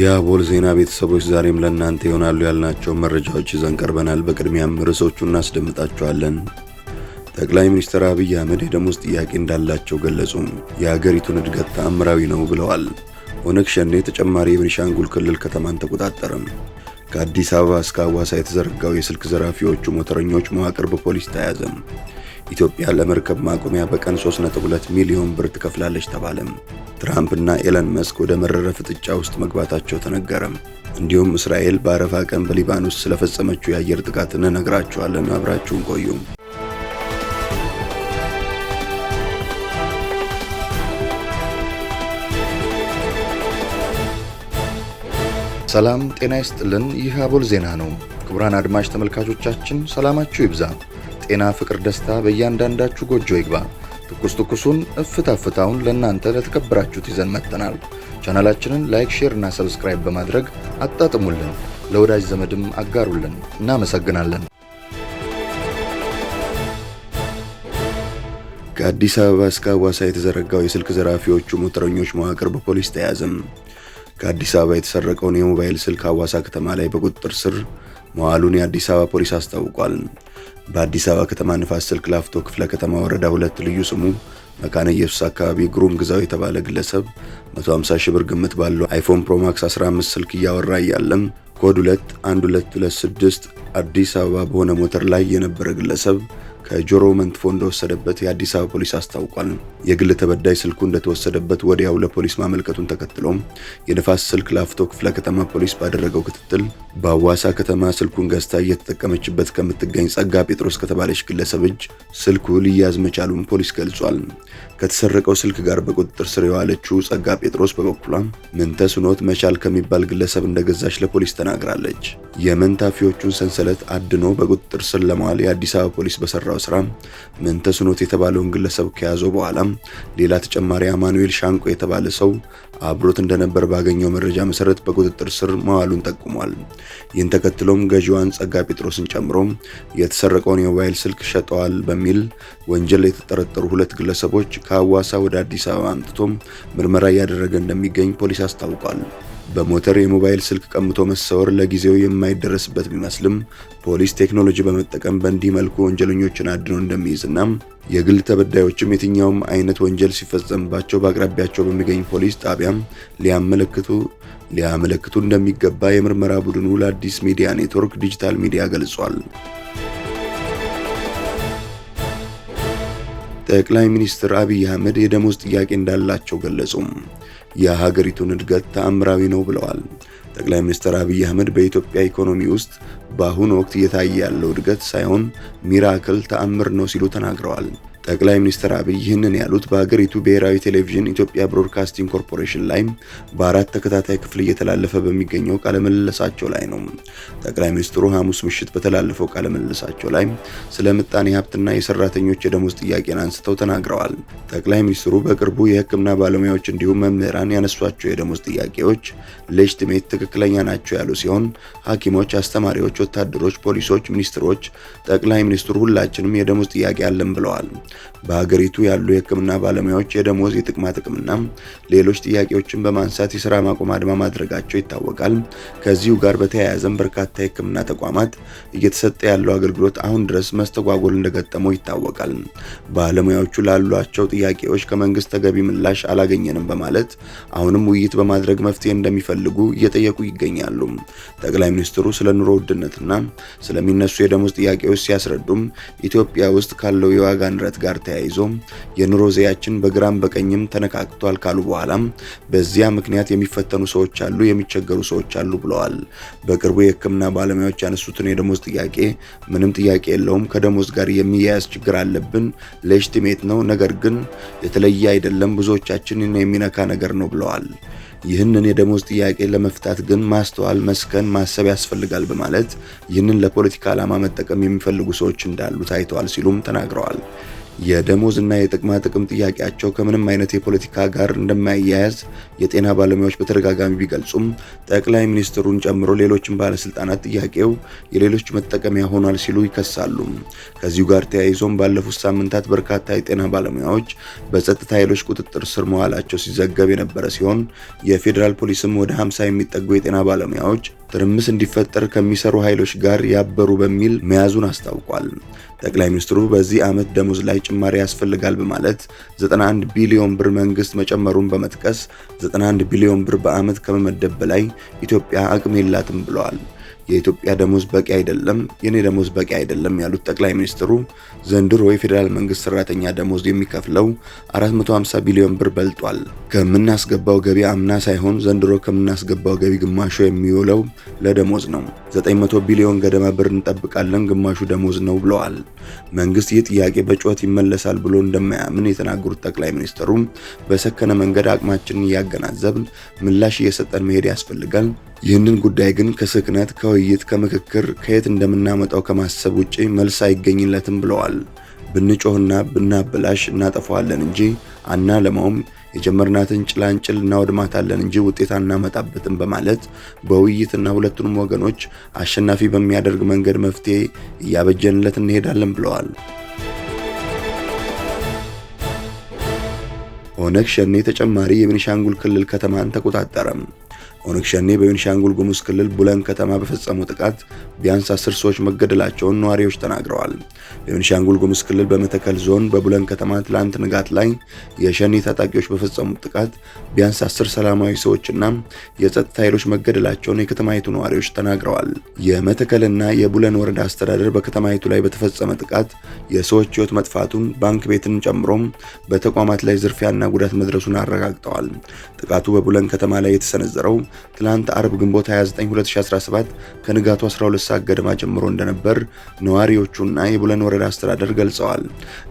የአቦል ዜና ቤተሰቦች ዛሬም ለእናንተ ይሆናሉ ያልናቸው መረጃዎች ይዘን ቀርበናል። በቅድሚያም ርዕሶቹ እናስደምጣቸዋለን። ጠቅላይ ሚኒስትር አብይ አህመድ የደሞዝ ጥያቄ እንዳላቸው ገለጹ። የሀገሪቱን እድገት ተአምራዊ ነው ብለዋል። ኦነግ ሸኔ ተጨማሪ የቤኒሻንጉል ክልል ከተማን ተቆጣጠረም። ከአዲስ አበባ እስከ አዋሳ የተዘረጋው የስልክ ዘራፊዎቹ ሞተረኞች መዋቅር በፖሊስ ተያዘም። ኢትዮጵያ ለመርከብ ማቆሚያ በቀን 3.2 ሚሊዮን ብር ትከፍላለች ተባለም። ትራምፕ እና ኤለን መስክ ወደ መረረ ፍጥጫ ውስጥ መግባታቸው ተነገረም። እንዲሁም እስራኤል በአረፋ ቀን በሊባኖስ ስለፈጸመችው የአየር ጥቃት እንነግራችኋለን። አብራችሁን ቆዩም። ሰላም ጤና ይስጥልን። ይህ አቦል ዜና ነው። ክቡራን አድማጭ ተመልካቾቻችን ሰላማችሁ ይብዛ። ጤና፣ ፍቅር፣ ደስታ በእያንዳንዳችሁ ጎጆ ይግባ። ትኩስ ትኩሱን እፍታ ፍታውን ለእናንተ ለተከበራችሁት ይዘን መጥተናል። ቻናላችንን ላይክ፣ ሼር እና ሰብስክራይብ በማድረግ አጣጥሙልን፣ ለወዳጅ ዘመድም አጋሩልን። እናመሰግናለን። ከአዲስ አበባ እስከ አዋሳ የተዘረጋው የስልክ ዘራፊዎቹ ሞተረኞች መዋቅር በፖሊስ ተያዘም። ከአዲስ አበባ የተሰረቀውን የሞባይል ስልክ አዋሳ ከተማ ላይ በቁጥጥር ስር መዋሉን የአዲስ አበባ ፖሊስ አስታውቋል። በአዲስ አበባ ከተማ ንፋስ ስልክ ላፍቶ ክፍለ ከተማ ወረዳ ሁለት ልዩ ስሙ መካነ ኢየሱስ አካባቢ ግሩም ግዛው የተባለ ግለሰብ 150 ሺህ ብር ግምት ባለው አይፎን ፕሮማክስ 15 ስልክ እያወራ እያለም ኮድ 21226 አዲስ አበባ በሆነ ሞተር ላይ የነበረ ግለሰብ ከጆሮ መንትፎ እንደወሰደበት የአዲስ አበባ ፖሊስ አስታውቋል። የግል ተበዳይ ስልኩ እንደተወሰደበት ወዲያው ለፖሊስ ማመልከቱን ተከትሎም የንፋስ ስልክ ላፍቶ ክፍለ ከተማ ፖሊስ ባደረገው ክትትል በአዋሳ ከተማ ስልኩን ገዝታ እየተጠቀመችበት ከምትገኝ ጸጋ ጴጥሮስ ከተባለች ግለሰብ እጅ ስልኩ ሊያዝ መቻሉን ፖሊስ ገልጿል። ከተሰረቀው ስልክ ጋር በቁጥጥር ስር የዋለችው ጸጋ ጴጥሮስ በበኩሏ ምንተስኖት መቻል ከሚባል ግለሰብ እንደገዛች ለፖሊስ ተናግራለች። የመንታፊዎቹን ሰንሰለት አድኖ በቁጥጥር ስር ለማዋል የአዲስ አበባ ፖሊስ በሰራው ስራ ምንተስኖት የተባለውን ግለሰብ ከያዘው በኋላም ሌላ ተጨማሪ አማኑኤል ሻንቆ የተባለ ሰው አብሮት እንደነበር ባገኘው መረጃ መሰረት በቁጥጥር ስር መዋሉን ጠቁሟል። ይህን ተከትሎም ገዢዋን ጸጋ ጴጥሮስን ጨምሮ የተሰረቀውን የሞባይል ስልክ ሸጠዋል በሚል ወንጀል የተጠረጠሩ ሁለት ግለሰቦች ከአዋሳ ወደ አዲስ አበባ አምጥቶ ምርመራ እያደረገ እንደሚገኝ ፖሊስ አስታውቋል። በሞተር የሞባይል ስልክ ቀምቶ መሰወር ለጊዜው የማይደረስበት ቢመስልም ፖሊስ ቴክኖሎጂ በመጠቀም በእንዲህ መልኩ ወንጀለኞችን አድኖ እንደሚይዝና የግል ተበዳዮችም የትኛውም አይነት ወንጀል ሲፈጸምባቸው በአቅራቢያቸው በሚገኝ ፖሊስ ጣቢያም ሊያመለክቱ ሊያመለክቱ እንደሚገባ የምርመራ ቡድኑ ለአዲስ ሚዲያ ኔትወርክ ዲጂታል ሚዲያ ገልጿል። ጠቅላይ ሚኒስትር አብይ አህመድ የደሞዝ ጥያቄ እንዳላቸው ገለጹ። የሀገሪቱን እድገት ተአምራዊ ነው ብለዋል። ጠቅላይ ሚኒስትር አብይ አህመድ በኢትዮጵያ ኢኮኖሚ ውስጥ በአሁኑ ወቅት እየታየ ያለው እድገት ሳይሆን ሚራክል ተአምር ነው ሲሉ ተናግረዋል። ጠቅላይ ሚኒስትር አብይ ይህንን ያሉት በሀገሪቱ ብሔራዊ ቴሌቪዥን ኢትዮጵያ ብሮድካስቲንግ ኮርፖሬሽን ላይ በአራት ተከታታይ ክፍል እየተላለፈ በሚገኘው ቃለምልልሳቸው ላይ ነው። ጠቅላይ ሚኒስትሩ ሐሙስ ምሽት በተላለፈው ቃለምልልሳቸው ላይ ስለ ምጣኔ ሀብትና የሰራተኞች የደሞዝ ጥያቄን አንስተው ተናግረዋል። ጠቅላይ ሚኒስትሩ በቅርቡ የሕክምና ባለሙያዎች እንዲሁም መምህራን ያነሷቸው የደሞዝ ጥያቄዎች ሌጅትሜት ትክክለኛ ናቸው ያሉ ሲሆን ሐኪሞች፣ አስተማሪዎች፣ ወታደሮች፣ ፖሊሶች፣ ሚኒስትሮች፣ ጠቅላይ ሚኒስትሩ ሁላችንም የደሞዝ ጥያቄ አለን ብለዋል። በሀገሪቱ ያሉ የህክምና ባለሙያዎች የደሞዝ የጥቅማ ጥቅምና ሌሎች ጥያቄዎችን በማንሳት የስራ ማቆም አድማ ማድረጋቸው ይታወቃል። ከዚሁ ጋር በተያያዘም በርካታ የህክምና ተቋማት እየተሰጠ ያለው አገልግሎት አሁን ድረስ መስተጓጎል እንደገጠመው ይታወቃል። ባለሙያዎቹ ላሏቸው ጥያቄዎች ከመንግስት ተገቢ ምላሽ አላገኘንም በማለት አሁንም ውይይት በማድረግ መፍትሄ እንደሚፈልጉ እየጠየቁ ይገኛሉ። ጠቅላይ ሚኒስትሩ ስለ ኑሮ ውድነትና ስለሚነሱ የደሞዝ ጥያቄዎች ሲያስረዱም ኢትዮጵያ ውስጥ ካለው የዋጋ ንረት ጋር ተያይዞ የኑሮ ዘያችን በግራም በቀኝም ተነካክቷል ካሉ በኋላም በዚያ ምክንያት የሚፈተኑ ሰዎች አሉ፣ የሚቸገሩ ሰዎች አሉ ብለዋል። በቅርቡ የሕክምና ባለሙያዎች ያነሱትን የደሞዝ ጥያቄ ምንም ጥያቄ የለውም፣ ከደሞዝ ጋር የሚያያዝ ችግር አለብን፣ ሌጅቲሜት ነው፣ ነገር ግን የተለየ አይደለም፣ ብዙዎቻችን የሚነካ ነገር ነው ብለዋል። ይህንን የደሞዝ ጥያቄ ለመፍታት ግን ማስተዋል፣ መስከን፣ ማሰብ ያስፈልጋል በማለት ይህንን ለፖለቲካ ዓላማ መጠቀም የሚፈልጉ ሰዎች እንዳሉ ታይተዋል ሲሉም ተናግረዋል። የደሞዝና የጥቅማ ጥቅም ጥያቄያቸው ከምንም አይነት የፖለቲካ ጋር እንደማያያዝ የጤና ባለሙያዎች በተደጋጋሚ ቢገልጹም ጠቅላይ ሚኒስትሩን ጨምሮ ሌሎችን ባለስልጣናት ጥያቄው የሌሎች መጠቀሚያ ሆኗል ሲሉ ይከሳሉ። ከዚሁ ጋር ተያይዞም ባለፉት ሳምንታት በርካታ የጤና ባለሙያዎች በጸጥታ ኃይሎች ቁጥጥር ስር መዋላቸው ሲዘገብ የነበረ ሲሆን የፌዴራል ፖሊስም ወደ 50 የሚጠጉ የጤና ባለሙያዎች ትርምስ እንዲፈጠር ከሚሰሩ ኃይሎች ጋር ያበሩ በሚል መያዙን አስታውቋል። ጠቅላይ ሚኒስትሩ በዚህ ዓመት ደሞዝ ላይ ጭማሪ ያስፈልጋል በማለት 91 ቢሊዮን ብር መንግስት መጨመሩን በመጥቀስ 91 ቢሊዮን ብር በዓመት ከመመደብ በላይ ኢትዮጵያ አቅም የላትም ብለዋል። የኢትዮጵያ ደሞዝ በቂ አይደለም፣ የኔ ደሞዝ በቂ አይደለም ያሉት ጠቅላይ ሚኒስትሩ ዘንድሮ የፌዴራል መንግስት ሰራተኛ ደሞዝ የሚከፍለው 450 ቢሊዮን ብር በልጧል። ከምናስገባው ገቢ አምና ሳይሆን ዘንድሮ ከምናስገባው ገቢ ግማሹ የሚውለው ለደሞዝ ነው። 900 ቢሊዮን ገደማ ብር እንጠብቃለን፣ ግማሹ ደሞዝ ነው ብለዋል። መንግስት ይህ ጥያቄ በጩኸት ይመለሳል ብሎ እንደማያምን የተናገሩት ጠቅላይ ሚኒስትሩ በሰከነ መንገድ አቅማችንን እያገናዘብን ምላሽ እየሰጠን መሄድ ያስፈልጋል ይህንን ጉዳይ ግን ከስክነት፣ ከውይይት፣ ከምክክር ከየት እንደምናመጣው ከማሰብ ውጪ መልስ አይገኝለትም ብለዋል። ብንጮህና ብናበላሽ እናጠፋዋለን እንጂ አናለማውም፣ የጀመርናትን ጭላንጭል እናወድማታለን እንጂ ውጤት አናመጣበትም በማለት በውይይትና ሁለቱንም ወገኖች አሸናፊ በሚያደርግ መንገድ መፍትሄ እያበጀንለት እንሄዳለን ብለዋል። ኦነግ ሸኔ ተጨማሪ የቤኒሻንጉል ክልል ከተማን ተቆጣጠረም። ኦነግ ሸኔ በቤኒሻንጉል ጉሙዝ ክልል ቡለን ከተማ በፈጸመው ጥቃት ቢያንስ አስር ሰዎች መገደላቸውን ነዋሪዎች ተናግረዋል። በቤኒሻንጉል ጉሙዝ ክልል በመተከል ዞን በቡለን ከተማ ትላንት ንጋት ላይ የሸኔ ታጣቂዎች በፈጸሙት ጥቃት ቢያንስ አስር ሰላማዊ ሰዎችና የጸጥታ ኃይሎች መገደላቸውን የከተማይቱ ነዋሪዎች ተናግረዋል። የመተከልና የቡለን ወረዳ አስተዳደር በከተማይቱ ላይ በተፈጸመ ጥቃት የሰዎች ህይወት መጥፋቱን ባንክ ቤትን ጨምሮም በተቋማት ላይ ዝርፊያና ጉዳት መድረሱን አረጋግጠዋል። ጥቃቱ በቡለን ከተማ ላይ የተሰነዘረው ትላንት አርብ ግንቦት 29 2017 ከንጋቱ 12 ሰዓት ገደማ ጀምሮ እንደነበር ነዋሪዎቹና የቡለን ወረዳ አስተዳደር ገልጸዋል።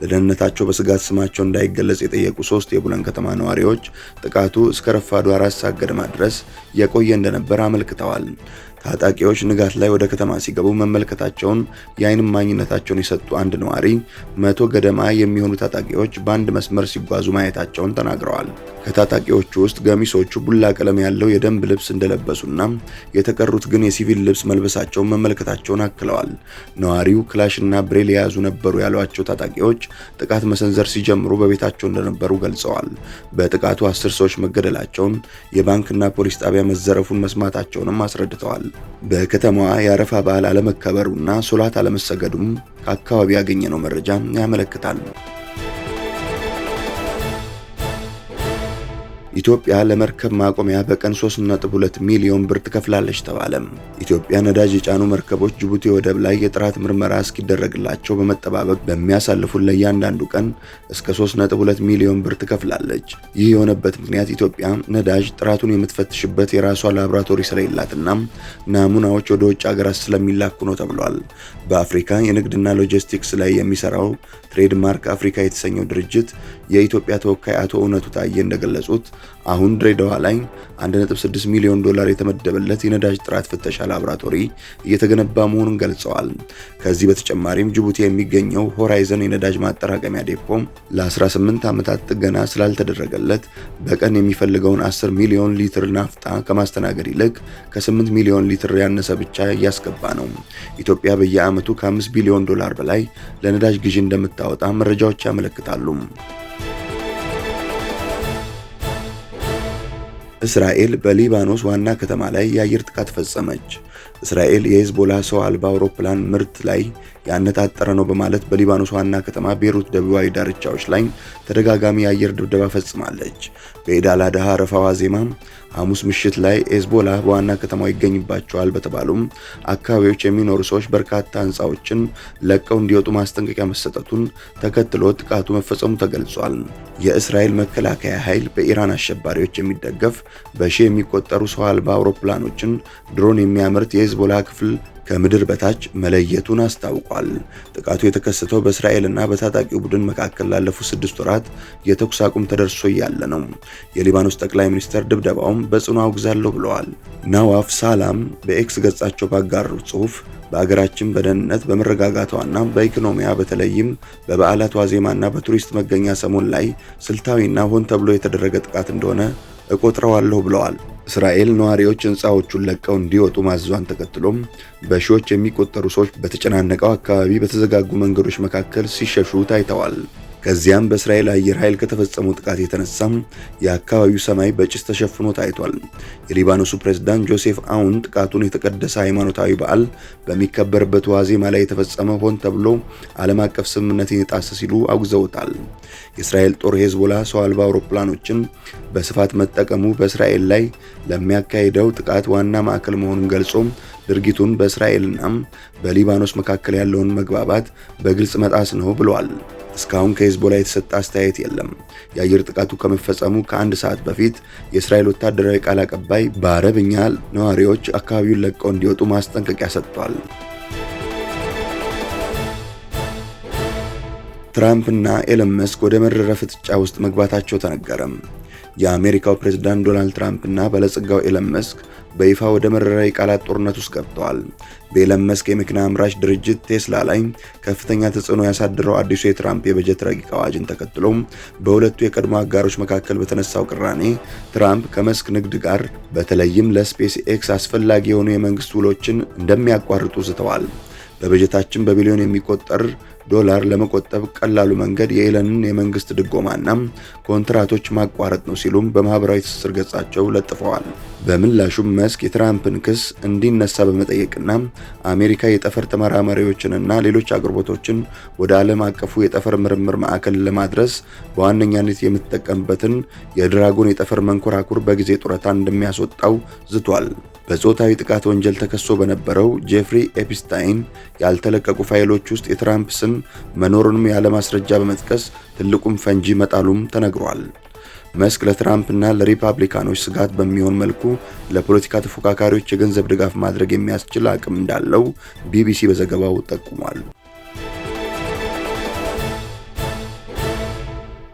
ለደህንነታቸው በስጋት ስማቸው እንዳይገለጽ የጠየቁ ሶስት የቡለን ከተማ ነዋሪዎች ጥቃቱ እስከ ረፋዱ አራት ሰዓት ገደማ ድረስ የቆየ እንደነበር አመልክተዋል። ታጣቂዎች ንጋት ላይ ወደ ከተማ ሲገቡ መመልከታቸውን የአይን ማኝነታቸውን የሰጡ አንድ ነዋሪ መቶ ገደማ የሚሆኑ ታጣቂዎች በአንድ መስመር ሲጓዙ ማየታቸውን ተናግረዋል። ከታጣቂዎቹ ውስጥ ገሚሶቹ ቡላ ቀለም ያለው የደንብ ልብስ እንደለበሱና የተቀሩት ግን የሲቪል ልብስ መልበሳቸውን መመልከታቸውን አክለዋል። ነዋሪው ክላሽና ብሬል የያዙ ነበሩ ያሏቸው ታጣቂዎች ጥቃት መሰንዘር ሲጀምሩ በቤታቸው እንደነበሩ ገልጸዋል። በጥቃቱ አስር ሰዎች መገደላቸውን የባንክና ፖሊስ ጣቢያ መዘረፉን መስማታቸውንም አስረድተዋል። በከተማዋ የአረፋ በዓል አለመከበሩና ሶላት አለመሰገዱም ያገኘ ያገኘነው መረጃ ያመለክታል። ኢትዮጵያ ለመርከብ ማቆሚያ በቀን 3.2 ሚሊዮን ብር ትከፍላለች ተባለም። ኢትዮጵያ ነዳጅ የጫኑ መርከቦች ጅቡቲ ወደብ ላይ የጥራት ምርመራ እስኪደረግላቸው በመጠባበቅ በሚያሳልፉት ለእያንዳንዱ ቀን እስከ 3.2 ሚሊዮን ብር ትከፍላለች። ይህ የሆነበት ምክንያት ኢትዮጵያ ነዳጅ ጥራቱን የምትፈትሽበት የራሷ ላቦራቶሪ ስለሌላትና ናሙናዎች ወደ ውጭ ሀገራት ስለሚላኩ ነው ተብሏል። በአፍሪካ የንግድና ሎጂስቲክስ ላይ የሚሰራው ትሬድማርክ አፍሪካ የተሰኘው ድርጅት የኢትዮጵያ ተወካይ አቶ እውነቱ ታዬ እንደገለጹት አሁን ድሬዳዋ ላይ 1.6 ሚሊዮን ዶላር የተመደበለት የነዳጅ ጥራት ፍተሻ ላቦራቶሪ እየተገነባ መሆኑን ገልጸዋል። ከዚህ በተጨማሪም ጅቡቲ የሚገኘው ሆራይዘን የነዳጅ ማጠራቀሚያ ዴፖም ለ18 ዓመታት ጥገና ስላልተደረገለት በቀን የሚፈልገውን 10 ሚሊዮን ሊትር ናፍጣ ከማስተናገድ ይልቅ ከ8 ሚሊዮን ሊትር ያነሰ ብቻ እያስገባ ነው። ኢትዮጵያ በየዓመቱ ከ5 ቢሊዮን ዶላር በላይ ለነዳጅ ግዢ እንደምታወጣ መረጃዎች ያመለክታሉ። እስራኤል በሊባኖስ ዋና ከተማ ላይ የአየር ጥቃት ፈጸመች። እስራኤል የሂዝቦላ ሰው አልባ አውሮፕላን ምርት ላይ ያነጣጠረ ነው በማለት በሊባኖስ ዋና ከተማ ቤሩት ደቡባዊ ዳርቻዎች ላይ ተደጋጋሚ የአየር ድብደባ ፈጽማለች። በኢድ አል አድሃ አረፋ ዋዜማ ሐሙስ ምሽት ላይ ኤዝቦላ በዋና ከተማው ይገኝባቸዋል በተባሉም አካባቢዎች የሚኖሩ ሰዎች በርካታ ህንፃዎችን ለቀው እንዲወጡ ማስጠንቀቂያ መሰጠቱን ተከትሎ ጥቃቱ መፈጸሙ ተገልጿል። የእስራኤል መከላከያ ኃይል በኢራን አሸባሪዎች የሚደገፍ በሺህ የሚቆጠሩ ሰው አልባ አውሮፕላኖችን ድሮን የሚያመርት የሄዝቦላ ክፍል ከምድር በታች መለየቱን አስታውቋል። ጥቃቱ የተከሰተው በእስራኤልና በታጣቂው ቡድን መካከል ላለፉት ስድስት ወራት የተኩስ አቁም ተደርሶ እያለ ነው። የሊባኖስ ጠቅላይ ሚኒስትር ድብደባውም በጽኑ አውግዛለሁ ብለዋል። ናዋፍ ሳላም በኤክስ ገጻቸው ባጋሩት ጽሁፍ በአገራችን በደህንነት በመረጋጋቷና በኢኮኖሚያ በተለይም በበዓላት ዋዜማና በቱሪስት መገኛ ሰሞን ላይ ስልታዊና ሆን ተብሎ የተደረገ ጥቃት እንደሆነ እቆጥረዋለሁ ብለዋል። እስራኤል ነዋሪዎች ህንፃዎቹን ለቀው እንዲወጡ ማዘዟን ተከትሎም በሺዎች የሚቆጠሩ ሰዎች በተጨናነቀው አካባቢ በተዘጋጉ መንገዶች መካከል ሲሸሹ ታይተዋል። ከዚያም በእስራኤል አየር ኃይል ከተፈጸመው ጥቃት የተነሳም የአካባቢው ሰማይ በጭስ ተሸፍኖ ታይቷል። የሊባኖሱ ፕሬዝዳንት ጆሴፍ አውን ጥቃቱን የተቀደሰ ሃይማኖታዊ በዓል በሚከበርበት ዋዜማ ላይ የተፈጸመ ሆን ተብሎ ዓለም አቀፍ ስምምነትን የጣሰ ሲሉ አውግዘውታል። የእስራኤል ጦር ሄዝቦላ ሰው አልባ አውሮፕላኖችን በስፋት መጠቀሙ በእስራኤል ላይ ለሚያካሂደው ጥቃት ዋና ማዕከል መሆኑን ገልጾ ድርጊቱን በእስራኤልና በሊባኖስ መካከል ያለውን መግባባት በግልጽ መጣስ ነው ብለዋል። እስካሁን ከሂዝቦላ የተሰጠ አስተያየት የለም። የአየር ጥቃቱ ከመፈጸሙ ከአንድ ሰዓት በፊት የእስራኤል ወታደራዊ ቃል አቀባይ በአረብኛ ነዋሪዎች አካባቢውን ለቀው እንዲወጡ ማስጠንቀቂያ ሰጥቷል። ትራምፕ እና ኤለን መስክ ወደ መረረ ፍጥጫ ውስጥ መግባታቸው ተነገረም። የአሜሪካው ፕሬዝዳንት ዶናልድ ትራምፕ እና ባለጸጋው ኤለን መስክ በይፋ ወደ መራራ ቃላት ጦርነት ውስጥ ገብተዋል። በኤለን መስክ የመኪና አምራች ድርጅት ቴስላ ላይ ከፍተኛ ተጽዕኖ ያሳደረው አዲሱ የትራምፕ የበጀት ረቂቅ አዋጅን ተከትሎ በሁለቱ የቀድሞ አጋሮች መካከል በተነሳው ቅራኔ ትራምፕ ከመስክ ንግድ ጋር በተለይም ለስፔስ ኤክስ አስፈላጊ የሆኑ የመንግስት ውሎችን እንደሚያቋርጡ ዝተዋል። በበጀታችን በቢሊዮን የሚቆጠር ዶላር ለመቆጠብ ቀላሉ መንገድ የኤለንን የመንግስት ድጎማና ኮንትራቶች ማቋረጥ ነው ሲሉም በማህበራዊ ትስስር ገጻቸው ለጥፈዋል። በምላሹም መስክ የትራምፕን ክስ እንዲነሳ በመጠየቅና አሜሪካ የጠፈር ተመራማሪዎችንና ሌሎች አቅርቦቶችን ወደ ዓለም አቀፉ የጠፈር ምርምር ማዕከል ለማድረስ በዋነኛነት የምትጠቀምበትን የድራጎን የጠፈር መንኮራኩር በጊዜ ጡረታ እንደሚያስወጣው ዝቷል። በጾታዊ ጥቃት ወንጀል ተከሶ በነበረው ጄፍሪ ኤፕስታይን ያልተለቀቁ ፋይሎች ውስጥ የትራምፕ ስም መኖሩንም ያለማስረጃ በመጥቀስ ትልቁን ፈንጂ መጣሉም ተነግሯል። መስክ ለትራምፕና ለሪፐብሊካኖች ስጋት በሚሆን መልኩ ለፖለቲካ ተፎካካሪዎች የገንዘብ ድጋፍ ማድረግ የሚያስችል አቅም እንዳለው ቢቢሲ በዘገባው ጠቁሟል።